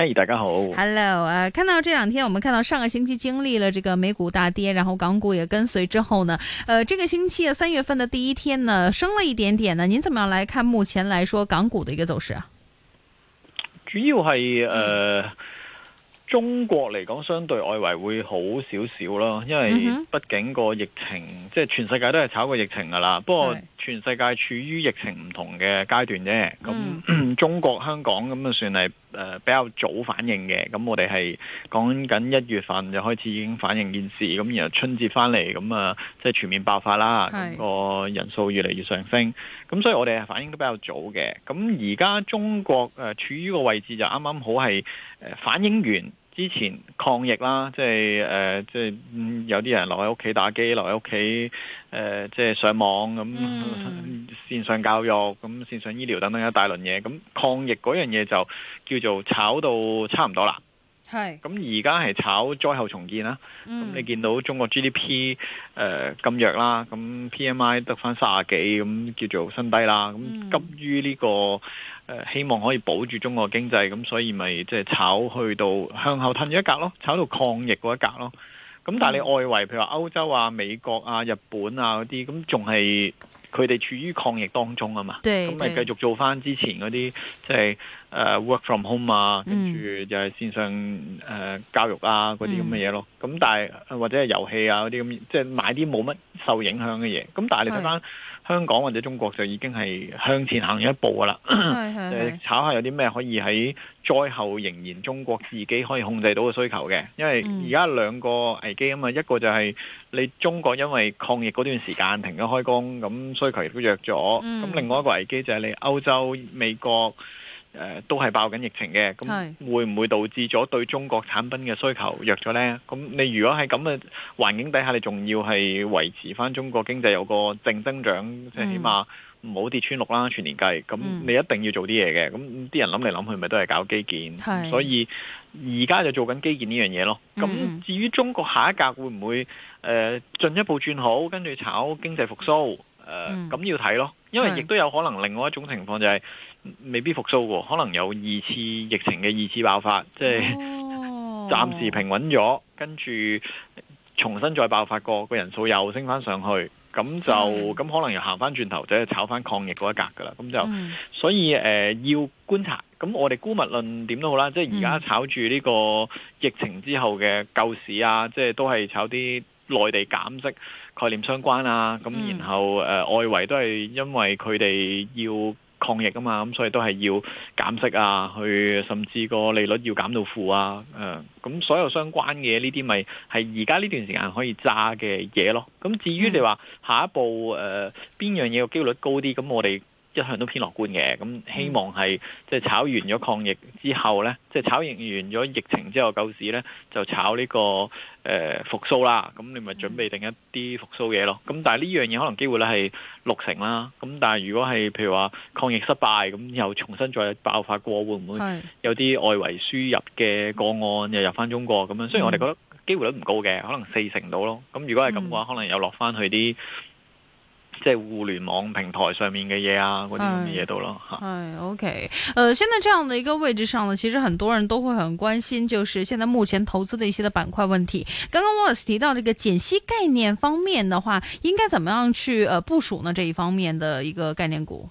誒、hey，大家好，Hello，啊，看到這兩天，我們看到上個星期經歷了這個美股大跌，然後港股也跟隨之後呢，呃、這個星期三月份的第一天呢，升了一點點呢，您怎麼樣來看目前來說港股的一個走勢啊？主要係、呃嗯、中國嚟講相對外圍會好少少咯，因為畢竟個疫情，嗯、即係全世界都係炒過疫情噶啦，不過全世界處於疫情唔同嘅階段啫，咁、嗯嗯、中國香港咁啊算係。誒比較早反應嘅，咁我哋係講緊一月份就開始已經反應件事，咁然後春節翻嚟，咁啊即係全面爆發啦，咁個人數越嚟越上升，咁所以我哋係反應都比較早嘅。咁而家中國誒處於個位置就啱啱好係反應完，之前抗疫啦，即係誒、呃，即係有啲人留喺屋企打機，留喺屋企誒，即係上網咁，線 mm. 上教育，咁線上醫療等等一大輪嘢，咁抗疫嗰樣嘢就叫做炒到差唔多啦。係咁，而家係炒災後重建啦，咁你見到中國 GDP 誒、呃、咁弱啦，咁 PMI 得翻三十幾咁叫做新低啦，咁急於呢個、呃、希望可以保住中國經濟，咁所以咪即係炒去到向後褪咗一格咯，炒到抗疫嗰一格咯，咁但係你外圍譬如話歐洲啊、美國啊、日本啊嗰啲，咁仲係。佢哋處於抗疫當中啊嘛，咁咪繼續做翻之前嗰啲即係 work from home 啊，跟、嗯、住就係線上誒、uh, 教育啊嗰啲咁嘅嘢咯。咁、嗯、但係或者係遊戲啊嗰啲咁，即、就、係、是、買啲冇乜受影響嘅嘢。咁但係你睇翻。香港或者中國就已經係向前行一步㗎喇，誒， 炒下有啲咩可以喺災後仍然中國自己可以控制到嘅需求嘅，因為而家兩個危機啊嘛，一個就係你中國因為抗疫嗰段時間停咗開工，咁需求亦都弱咗，咁另外一個危機就係你歐洲美國。呃、都係爆緊疫情嘅，咁會唔會導致咗對中國產品嘅需求弱咗呢？咁你如果喺咁嘅環境底下，你仲要係維持翻中國經濟有個正增長，即係起碼唔好跌穿六啦，全年計，咁你一定要做啲嘢嘅。咁啲人諗嚟諗去，咪都係搞基建，所以而家就在做緊基建呢樣嘢咯。咁至於中國下一格會唔會進、呃、一步轉好，跟住炒經濟復蘇？咁、呃嗯、要睇咯，因為亦都有可能另外一種情況就係、是。未必復甦嘅，可能有二次疫情嘅二次爆發，即係暫時平穩咗，oh. 跟住重新再爆發過，個人數又升翻上去，咁就咁、mm. 可能又行翻轉頭，就係、是、炒翻抗疫嗰一格噶啦。咁就、mm. 所以誒、呃、要觀察。咁我哋姑勿論點都好啦，即係而家炒住呢個疫情之後嘅救市啊，即、就、係、是、都係炒啲內地減息概念相關啊。咁然後誒、mm. 呃、外圍都係因為佢哋要。抗疫啊嘛，咁所以都係要減息啊，去甚至個利率要減到負啊，誒、呃，咁所有相關嘅呢啲咪係而家呢段時間可以揸嘅嘢咯。咁至於你話下一步誒邊、呃、樣嘢個機率高啲，咁我哋一向都偏樂觀嘅，咁希望係即係炒完咗抗疫之後呢，即係炒完咗疫情之後，股市呢就炒呢個誒復甦啦。咁你咪準備定一啲復甦嘢咯。咁但係呢樣嘢可能機會咧係六成啦。咁但係如果係譬如話抗疫失敗，咁又重新再爆發過，會唔會有啲外圍輸入嘅個案又入翻中國咁樣？雖然我哋覺得機會率唔高嘅，可能四成到咯。咁如果係咁嘅話，可能又落翻去啲。即係互聯網平台上面嘅嘢啊，嗰啲咁嘅嘢度咯吓。係、hey, OK，誒、呃，現在這樣的一個位置上呢，其實很多人都會很關心，就是現在目前投資的一些的板塊問題。剛剛我提到這個減息概念方面的話，應該怎麼樣去誒、呃、部署呢？這一方面的一個概念股。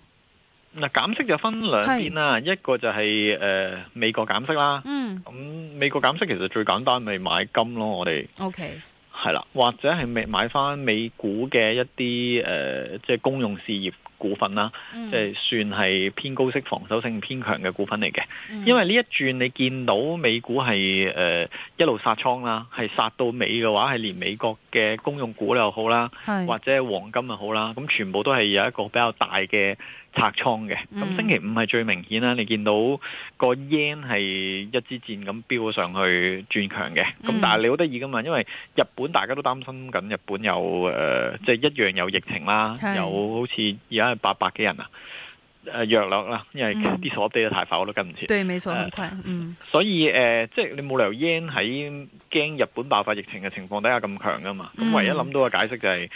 嗱、啊，減息就分兩邊啦、啊，hey. 一個就係、是、誒、呃、美國減息啦。嗯。咁、嗯、美國減息其實最簡單，咪買金咯，我哋。OK。係啦，或者係美買翻美股嘅一啲誒、呃，即係公用事業股份啦，即、嗯、係、呃、算係偏高息、防守性偏強嘅股份嚟嘅、嗯。因為呢一轉，你見到美股係誒、呃、一路殺倉啦，係殺到尾嘅話，係連美國嘅公用股又好啦，或者黃金又好啦，咁全部都係有一個比較大嘅。拆倉嘅，咁星期五係最明顯啦、嗯。你見到個 yen 係一支箭咁飆上去轉強嘅，咁、嗯、但係你好得意噶嘛？因為日本大家都擔心緊，日本有誒，即、呃、係、就是、一樣有疫情啦，有好似而家八百幾人啊，誒、呃、弱落啦，因為啲鎖地得太快我，我都跟唔切。對，沒錯，係，嗯。所以誒，即、呃、係、就是、你冇理由 yen 喺驚日本爆發疫情嘅情況底下咁強噶嘛？咁唯一諗到嘅解釋就係、是。嗯嗯。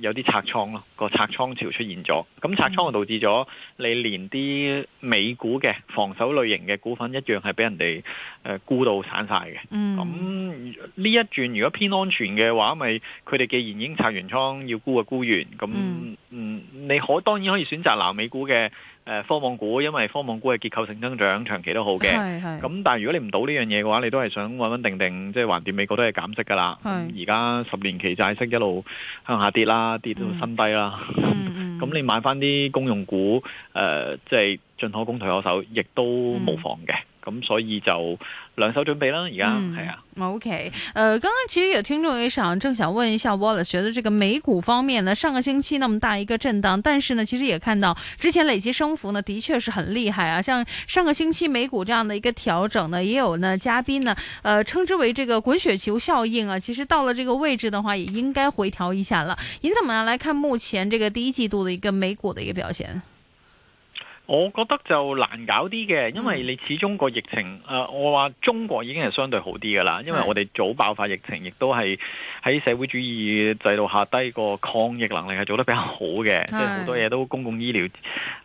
有啲拆倉咯，個拆倉潮出現咗，咁拆倉就導致咗你連啲美股嘅防守類型嘅股份一樣係俾人哋誒沽到散晒嘅。咁、mm. 呢一轉，如果偏安全嘅話，咪佢哋既然已經拆完倉，要沽就沽完，咁、mm. 嗯，你可當然可以選擇撈美股嘅。誒科網股，因為科網股嘅結構性增長，長期都好嘅。咁但係如果你唔賭呢樣嘢嘅話，你都係想穩穩定定，即係橫掂美國都係減息㗎啦。而家十年期債息一路向下跌啦，跌到新低啦。咁、嗯 嗯嗯、你買翻啲公用股，誒即係進可攻退可守，亦都冇妨嘅。嗯嗯咁所以就兩手準備啦，而家係啊。OK，呃，剛剛其實有聽眾想正想問一下 Wallace，覺得這個美股方面呢，上個星期那麼大一個震盪，但是呢，其實也看到之前累積升幅呢，的確是很厲害啊。像上個星期美股這樣的一個調整呢，也有呢嘉賓呢，呃，稱之為這個滾雪球效應啊。其實到了這個位置的話，也應該回調一下了。您怎麼樣來看目前這個第一季度的一個美股的一個表現？我覺得就難搞啲嘅，因為你始終個疫情，嗯呃、我話中國已經係相對好啲㗎啦，因為我哋早爆發疫情，亦都係喺社會主義制度下低個抗疫能力係做得比較好嘅，即係好多嘢都公共醫療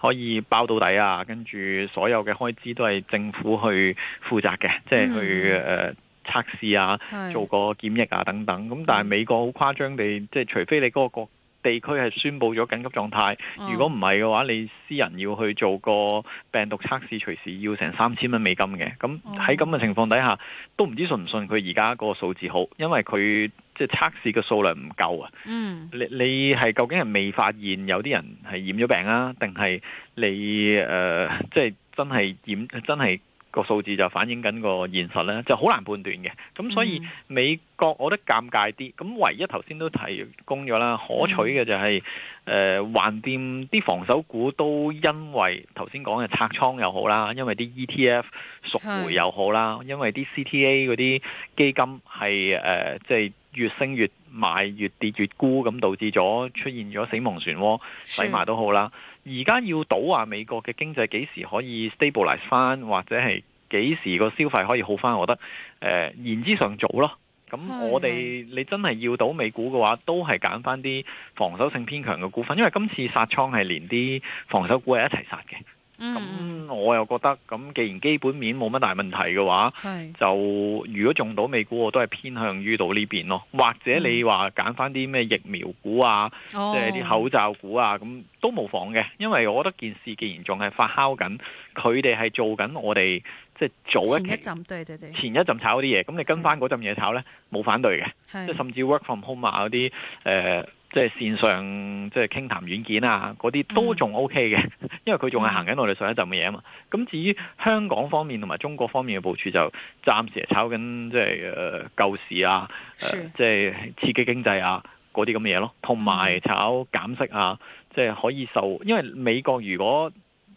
可以包到底啊，跟住所有嘅開支都係政府去負責嘅，即係去誒、呃、測試啊、嗯，做個檢疫啊等等。咁但係美國好誇張地，即係除非你嗰個國，地區係宣布咗緊急狀態。如果唔係嘅話，你私人要去做個病毒測試，隨時要成三千蚊美金嘅。咁喺咁嘅情況底下，都唔知信唔信佢而家個數字好，因為佢即係測試嘅數量唔夠啊。嗯。你你係究竟係未發現有啲人係染咗病啊，定係你誒、呃、即係真係染真係？個數字就反映緊個現實咧，就好難判斷嘅。咁所以美國我覺得尷尬啲。咁唯一頭先都提供咗啦，可取嘅就係、是、誒，橫掂啲防守股都因為頭先講嘅拆倉又好啦，因為啲 ETF 贖回又好啦，因為啲 CTA 嗰啲基金係誒、即、呃、係、就是、越升越賣，越跌越沽，咁導致咗出現咗死亡漩渦，洗埋都好啦。而家要賭啊美國嘅經濟幾時可以 stabilize 翻，或者係幾時個消費可以好翻，我覺得誒、呃、言之尚早咯。咁我哋你真係要賭美股嘅話，都係揀翻啲防守性偏強嘅股份，因為今次殺倉係連啲防守股係一齊殺嘅。咁、嗯、我又覺得，咁既然基本面冇乜大問題嘅話，就如果中到美股我都係偏向於到呢邊咯，或者你話揀翻啲咩疫苗股啊，即係啲口罩股啊，咁都冇妨嘅，因為我覺得件事既然仲係發酵緊，佢哋係做緊我哋即係早一前一陣對對對前一陣炒啲嘢，咁你跟翻嗰陣嘢炒呢，冇反對嘅，即係甚至 work from home 啊嗰啲即係線上即係傾談軟件啊，嗰啲都仲 OK 嘅、嗯，因為佢仲係行緊我哋上一陣嘅嘢啊嘛。咁、嗯、至於香港方面同埋中國方面嘅部署就暫時係炒緊即係誒、呃、救市啊，誒、呃、即係刺激經濟啊嗰啲咁嘅嘢咯，同埋炒減息啊，即、就、係、是、可以受，因為美國如果、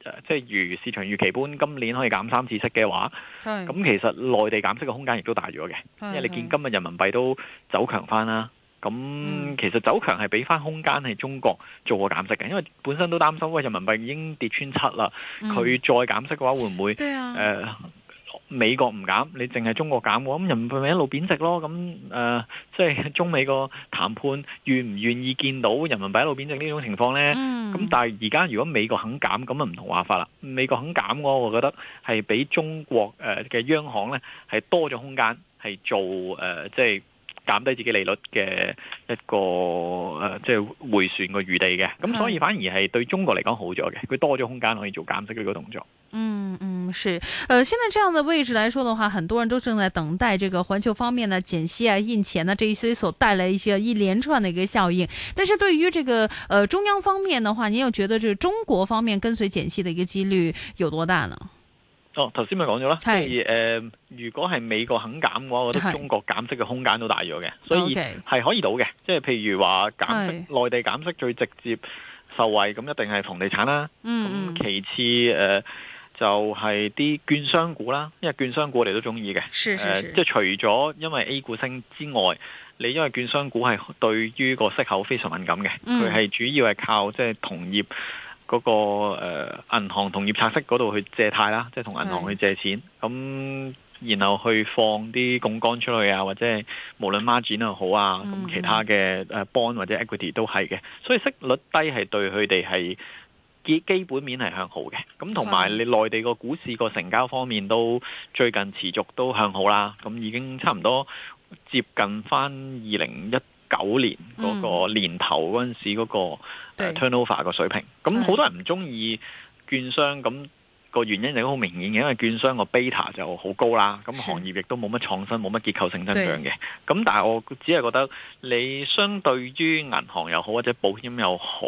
呃、即係如市場預期般今年可以減三次息嘅話，咁其實內地減息嘅空間亦都大咗嘅，因為你見今日人民幣都走強翻啦。咁、嗯、其實走強係俾翻空間係中國做過減息嘅，因為本身都擔心喂，人民幣已經跌穿七啦，佢、嗯、再減息嘅話，會唔會？對啊、呃。美國唔減，你淨係中國減嘅，咁人民幣咪一路貶值咯。咁、呃、誒，即係中美個談判願唔願意見到人民幣一路貶值呢種情況呢？咁、嗯、但係而家如果美國肯減，咁啊唔同話法啦。美國肯減嘅話，我覺得係比中國誒嘅央行呢，係多咗空間係做誒、呃、即係。減低自己利率嘅一個誒，即係回旋嘅餘地嘅，咁所以反而係對中國嚟講好咗嘅，佢多咗空間可以做減息嘅一個動作。嗯嗯，是，呃，現在這樣的位置來說的話，很多人都正在等待這個環球方面嘅減息啊、印錢呢、啊，這一些所帶來一些一連串嘅一個效應。但是對於這個呃中央方面嘅話，你又覺得就是中國方面跟隨減息嘅一個幾率有多大呢？哦，頭先咪講咗啦，係、呃、如果係美國肯減嘅話，我覺得中國減息嘅空間都大咗嘅，所以係可以到嘅。即係譬如話減息，內地減息最直接受惠咁，一定係房地產啦。咁、嗯嗯、其次誒、呃、就係、是、啲券商股啦，因為券商股我哋都中意嘅，是是、是、呃、即係除咗因為 A 股升之外，你因為券商股係對於個息口非常敏感嘅，佢、嗯、係主要係靠即係、就是、同業。嗰、那個誒、呃、銀行同業拆息嗰度去借貸啦，即係同銀行去借錢，咁然後去放啲槓桿出去啊，或者無論孖展又好啊，咁、嗯、其他嘅誒 bond 或者 equity 都係嘅，所以息率低係對佢哋係基本面係向好嘅。咁同埋你內地個股市個成交方面都最近持續都向好啦，咁已經差唔多接近返二零一。九年嗰個年頭嗰陣時嗰個 turnover 個水平，咁、嗯、好多人唔中意券商，咁、嗰個原因亦都好明顯嘅，因為券商個 beta 就好高啦，咁行業亦都冇乜創新，冇乜結構性增長嘅。咁但係我只係覺得你相對於銀行又好或者保險又好。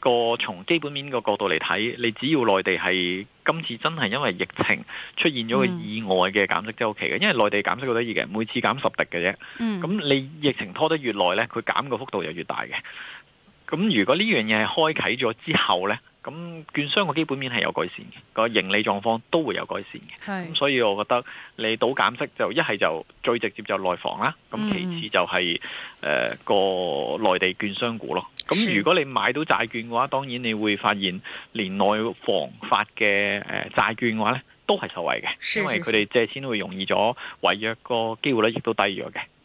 個從基本面個角度嚟睇，你只要內地係今次真係因為疫情出現咗個意外嘅減息周期嘅、嗯，因為內地減息都得嘅，每次減十滴嘅啫。咁、嗯、你疫情拖得越耐呢佢減嘅幅度就越大嘅。咁如果呢樣嘢係開啟咗之後呢？咁券商嘅基本面係有改善嘅，個盈利狀況都會有改善嘅。咁所以我覺得你倒減息就一係就最直接就內房啦，咁其次就係、是、誒、嗯呃那個內地券商股咯。咁如果你買到債券嘅話，當然你會發現連內房發嘅誒債券嘅話咧，都係受惠嘅，因為佢哋借錢都會容易咗，違約個機會咧亦都低咗嘅。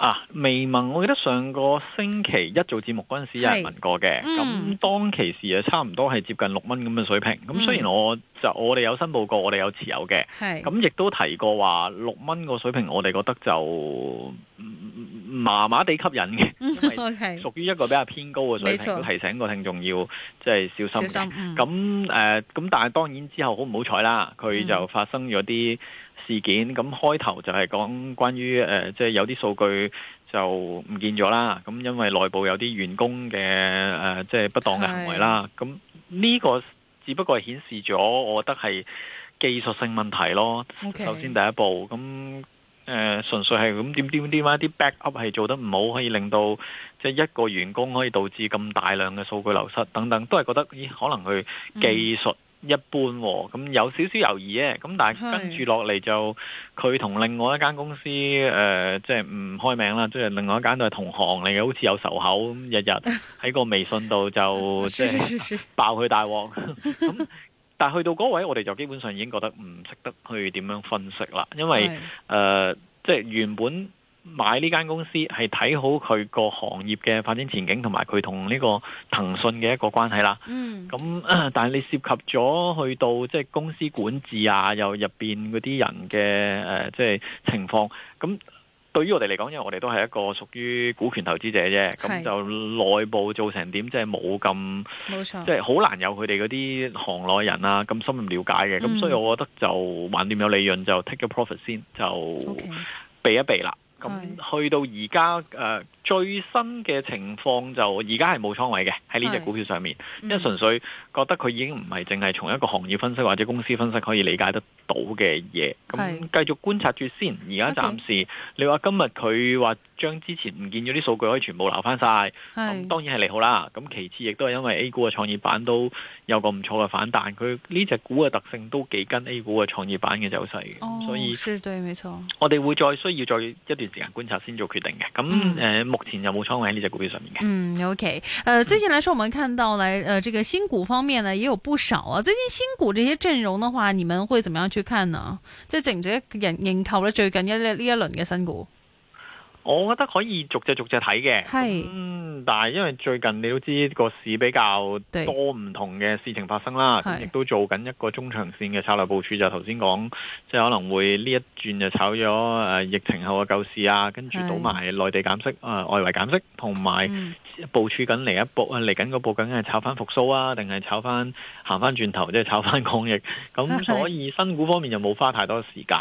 啊！未問，我記得上個星期一做節目嗰陣時有人問過嘅，咁、嗯、當其時啊差唔多係接近六蚊咁嘅水平。咁、嗯、雖然我就我哋有申報過，我哋有持有嘅，咁亦都提過話六蚊個水平我哋覺得就麻麻地吸引嘅， okay, 屬於一個比較偏高嘅水平，提醒個聽眾要即係、就是、小，小心。咁、嗯、誒，咁、呃、但係當然之後好唔好彩啦，佢就發生咗啲。事件咁開頭就係講關於誒，即係有啲數據就唔見咗啦。咁因為內部有啲員工嘅誒，即係不當嘅行為啦。咁呢個只不過係顯示咗，我覺得係技術性問題咯。首先第一步咁誒，純粹係咁點點點啊，啲 backup 係做得唔好，可以令到即係一個員工可以導致咁大量嘅數據流失等等，都係覺得咦，可能佢技術。一般喎，哦，咁有少少猶豫嘅，咁但係跟住落嚟就佢同另、呃就是就是，另外一間公司即係唔開名啦，即係另外一間都係同行嚟嘅，好似有仇口咁，日日喺個微信度就即係， 就是、爆佢大鑊。咁 但係去到嗰位，我哋就基本上已經覺得唔識得去點樣分析啦，因為即係，呃就是、原本。買呢間公司係睇好佢個行業嘅發展前景，同埋佢同呢個騰訊嘅一個關係啦。嗯。咁但係你涉及咗去到即係、就是、公司管治啊，又入邊嗰啲人嘅誒，即、呃、係、就是、情況。咁對於我哋嚟講，因為我哋都係一個屬於股權投資者啫。咁就內部做成點，即係冇咁。冇錯。即係好難有佢哋嗰啲行內人啦、啊，咁深入了解嘅。咁、嗯、所以我覺得就橫掂有利潤就 take 個 profit 先，就避一避啦。咁、嗯、去到而家誒。呃最新嘅情況就而家係冇倉位嘅喺呢隻股票上面、嗯，因為純粹覺得佢已經唔係淨係從一個行業分析或者公司分析可以理解得到嘅嘢，咁繼續觀察住先。而家暫時你話今日佢話將之前唔見咗啲數據可以全部留翻晒，咁、嗯、當然係利好啦。咁其次亦都係因為 A 股嘅創業板都有個唔錯嘅反彈，佢呢隻股嘅特性都幾跟 A 股嘅創業板嘅走勢、哦、所以係我哋會再需要再一段時間觀察先做決定嘅。咁、嗯、誒。嗯目前有冇倉位喺呢隻股票上面嘅。嗯，OK，誒、呃，最近來說，我們看到咧，誒、嗯呃，這個新股方面呢，也有不少啊。最近新股這些陣容的話，你們會怎麼樣去看呢？即係整隻認認購咧，最近一呢呢一輪嘅新股。我覺得可以逐隻逐隻睇嘅，但係因為最近你都知個市比較多唔同嘅事情發生啦，亦都做緊一個中長線嘅策略部署，就頭先講，即係可能會呢一轉就炒咗疫情後嘅救市啊，跟住倒埋內地減息啊、呃、外圍減息，同埋部署緊嚟一步。嚟緊嗰步緊係炒翻復甦啊，定係炒翻行翻轉頭，即係炒翻抗疫。咁所以新股方面又冇花太多時間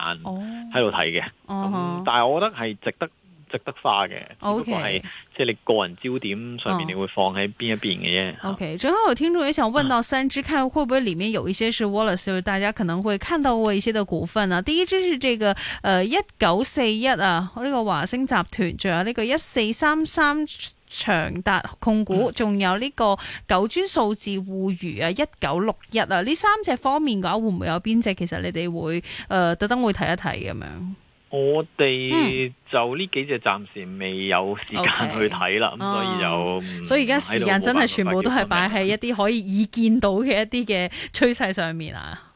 喺度睇嘅，咁但係我覺得係值得值得花嘅，係、okay. 即係你個人焦點上面、啊，你會放喺邊一邊嘅啫。O K，正好有聽眾也想問到三支，看會不會裏面有一些是 Wallace，就、嗯、大家可能會看到過一些的股份啊。第一支是這個，誒一九四一啊，呢、這個華星集團，仲有呢個一四三三長達控股，仲、嗯、有呢個九尊數字互娛啊，一九六一啊，呢三隻方面嘅話，會唔會有邊隻其實你哋會誒、呃、特登會睇一睇咁樣？我哋就呢幾隻暫時未有時間去睇啦，咁、Okay. Oh. 所以就所以而家時間真係全部都係擺喺一啲可以已見到嘅一啲嘅趨勢上面啊。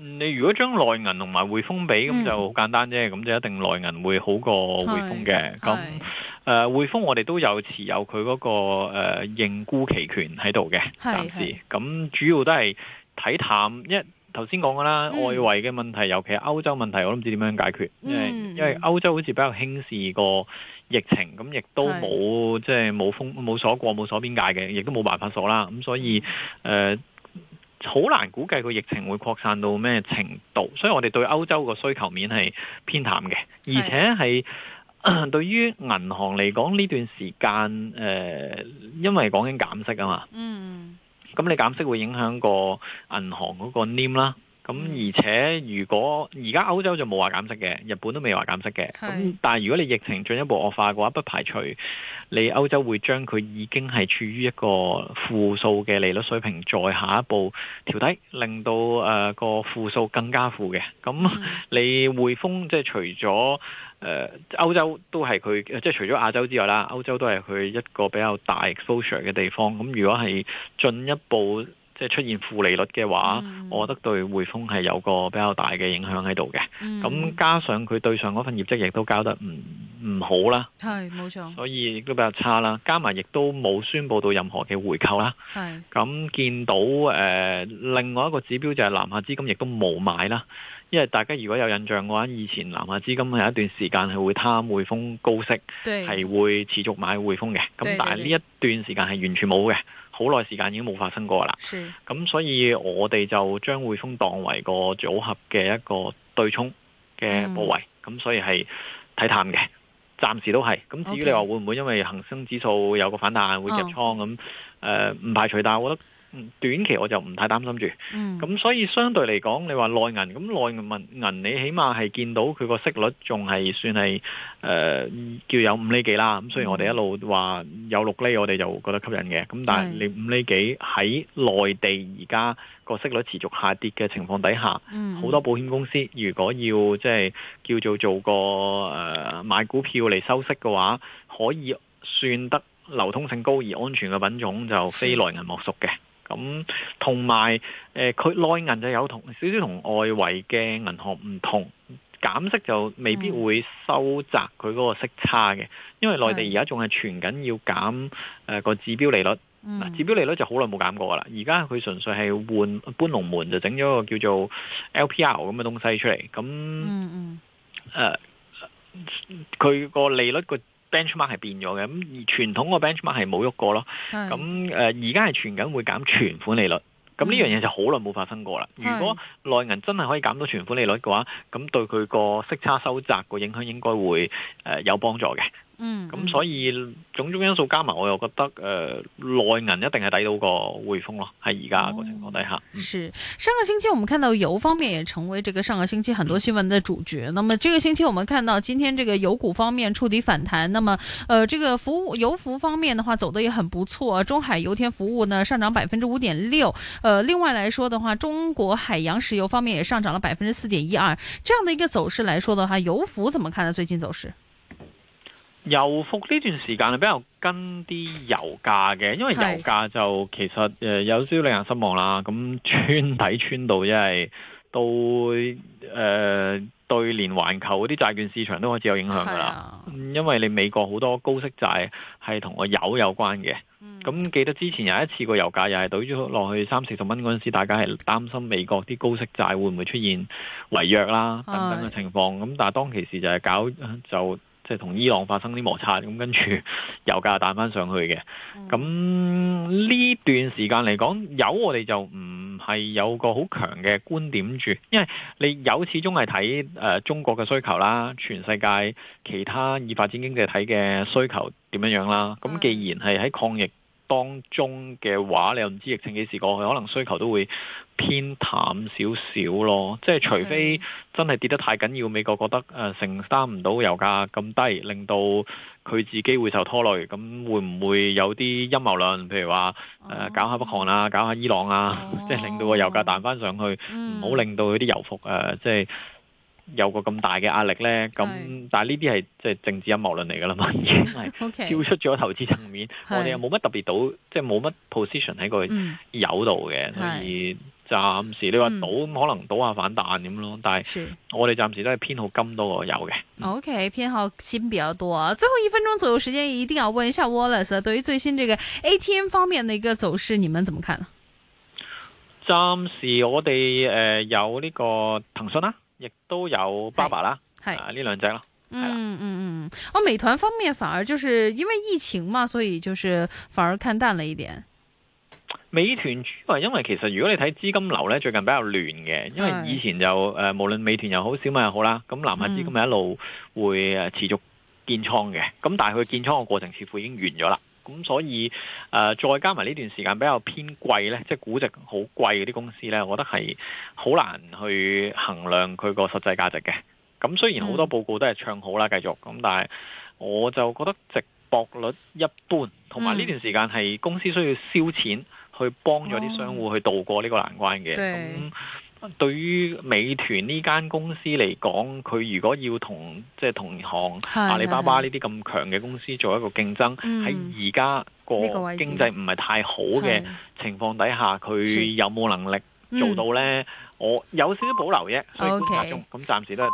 你如果將內銀同埋匯豐比，咁就好簡單啫，咁、嗯、就一定內銀會好過匯豐嘅。咁誒、呃，匯豐我哋都有持有佢嗰、那個誒認沽期權喺度嘅，暫時。咁主要都係睇淡，因為頭先講噶啦，嗯、外圍嘅問題，尤其係歐洲問題，我都唔知點樣解決。嗯、因為因為歐洲好似比較輕視個疫情，咁亦都冇即係冇封冇鎖過冇鎖邊界嘅，亦都冇辦法鎖啦。咁所以誒。嗯呃好難估計個疫情會擴散到咩程度，所以我哋對歐洲個需求面係偏淡嘅，而且係 對於銀行嚟講，呢段時間，誒、呃，因為講緊減息啊嘛，嗯，咁你減息會影響個銀行嗰個 NIM 啦。咁、嗯、而且如果而家歐洲就冇話減息嘅，日本都未話減息嘅。咁但係如果你疫情進一步惡化嘅話，不排除你歐洲會將佢已經係處於一個負數嘅利率水平再下一步調低，令到誒個負數更加負嘅。咁、嗯、你匯豐即係除咗誒歐洲都係佢，即、就、係、是、除咗亞洲之外啦，歐洲都係佢一個比較大 exposure 嘅地方。咁如果係進一步即係出現負利率嘅話、嗯，我覺得對匯豐係有個比較大嘅影響喺度嘅。咁、嗯、加上佢對上嗰份業績亦都交得唔唔好啦，係冇錯。所以亦都比較差啦，加埋亦都冇宣佈到任何嘅回購啦。係咁見到誒、呃，另外一個指標就係南下資金亦都冇買啦。因為大家如果有印象嘅話，以前南下資金有一段時間係會貪匯豐高息，係會持續買匯豐嘅。咁但係呢一段時間係完全冇嘅。好耐時間已經冇發生過啦，咁所以我哋就將匯豐當為個組合嘅一個對沖嘅部位，咁、嗯、所以係睇淡嘅，暫時都係。咁至於你話會唔會因為恒生指數有個反彈會入倉咁？唔、哦呃、排除，但係我覺得。短期我就唔太擔心住，咁、嗯、所以相對嚟講，你話內銀咁內銀你起碼係見到佢個息率仲係算係誒、呃、叫有五厘幾啦，咁所以我哋一路話有六厘，我哋就覺得吸引嘅。咁、嗯、但係你五厘幾喺內地而家個息率持續下跌嘅情況底下，好、嗯、多保險公司如果要即係叫做做個誒、呃、買股票嚟收息嘅話可以算得流通性高而安全嘅品種就非內銀莫屬嘅。咁同埋，誒，佢內銀就有同少少同外圍嘅銀行唔同，減息就未必會收窄佢嗰個息差嘅，因為內地而家仲係存緊要減誒個指標利率，嗱、嗯、指標利率就好耐冇減過啦，而家佢純粹係換搬龍門就整咗個叫做 LPR 咁嘅東西出嚟，咁誒佢個利率個。benchmark 係變咗嘅，咁而傳統個 benchmark 係冇喐過咯。咁誒而家係傳緊會減存款利率，咁呢樣嘢就好耐冇發生過啦。如果內銀真係可以減到存款利率嘅話，咁對佢個息差收窄個影響應該會誒有幫助嘅。嗯，咁、嗯、所以種種因素加埋，我又覺得呃內銀一定係抵到過匯豐咯，喺而家個情況底下。哦、是上個星期我們看到油方面也成為這個上個星期很多新聞的主角、嗯。那麼這個星期我們看到今天這個油股方面觸底反彈，那麼，呃這個服務油服方面的話走得也很不錯，中海油田服務呢上漲百分之五點六。另外來說的話，中國海洋石油方面也上漲了百分之四點一二。這樣的一個走勢來說的話，油服怎麼看呢？最近走勢？油服呢段時間係比較跟啲油價嘅，因為油價就其實誒有少少令人失望啦。咁穿底穿到，即係都誒對連環球嗰啲債券市場都開始有影響㗎啦。因為你美國好多高息債係同個油有關嘅。咁、嗯、記得之前有一次個油價又係倒咗落去三四十蚊嗰陣時，大家係擔心美國啲高息債會唔會出現違約啦等等嘅情況。咁但係當其時就係搞就。即係同伊朗發生啲摩擦，咁跟住油價彈翻上去嘅。咁呢段時間嚟講，油我哋就唔係有個好強嘅觀點住，因為你油始終係睇中國嘅需求啦，全世界其他已發展經濟體嘅需求點樣樣啦。咁既然係喺抗疫當中嘅話，你又唔知疫情幾時過去，可能需求都會。偏淡少少咯，即係除非真係跌得太緊要，美國覺得誒承擔唔到油價咁低，令到佢自己會受拖累，咁會唔會有啲陰謀論，譬如話、呃、搞下北韓啊，搞下伊朗啊，哦、即係令到個油價彈翻上去，唔、嗯、好令到佢啲油服啊、呃，即係。有個咁大嘅壓力咧，咁、嗯、但係呢啲係即係政治陰謀論嚟噶啦嘛，已、okay, 跳出咗投資層面，我哋又冇乜特別賭，即係冇乜 position 喺個油度嘅，所以暫時你話賭，嗯，可能賭下反彈咁咯。但係我哋暫時都係偏好金多過油嘅，嗯。OK，偏好金比較多。最後一分鐘左右時間，一定要問一下 Wallace，對於最新呢個 ATM 方面的一個走勢，你們怎麼看呢？暫時我哋誒、呃、有呢個騰訊啦，啊。亦都有爸爸啦，係呢、啊、兩隻咯，嗯嗯嗯，哦，美團方面反而就是因為疫情嘛，所以就是反而看淡了一點。美團主要因為，其實如果你睇資金流咧，最近比較亂嘅，因為以前就誒、呃、無論美團又好，小米又好啦，咁南下資金咪一路會誒持續建倉嘅，咁、嗯、但係佢建倉嘅過程似乎已經完咗啦。咁、嗯、所以，呃、再加埋呢段時間比較偏貴咧，即係估值好貴嗰啲公司咧，我覺得係好難去衡量佢個實際價值嘅。咁雖然好多報告都係唱好啦，繼續，咁，但係我就覺得值博率一般，同埋呢段時間係公司需要燒錢去幫助啲商戶去渡過呢個難關嘅。嗯嗯哦對於美團呢間公司嚟講，佢如果要同即係同行阿里巴巴呢啲咁強嘅公司做一個競爭，喺而家個經濟唔係太好嘅情況底下，佢、這個、有冇能力做到咧？我有少少保留啫、嗯，所以觀察中，咁、okay. 暫時都係得。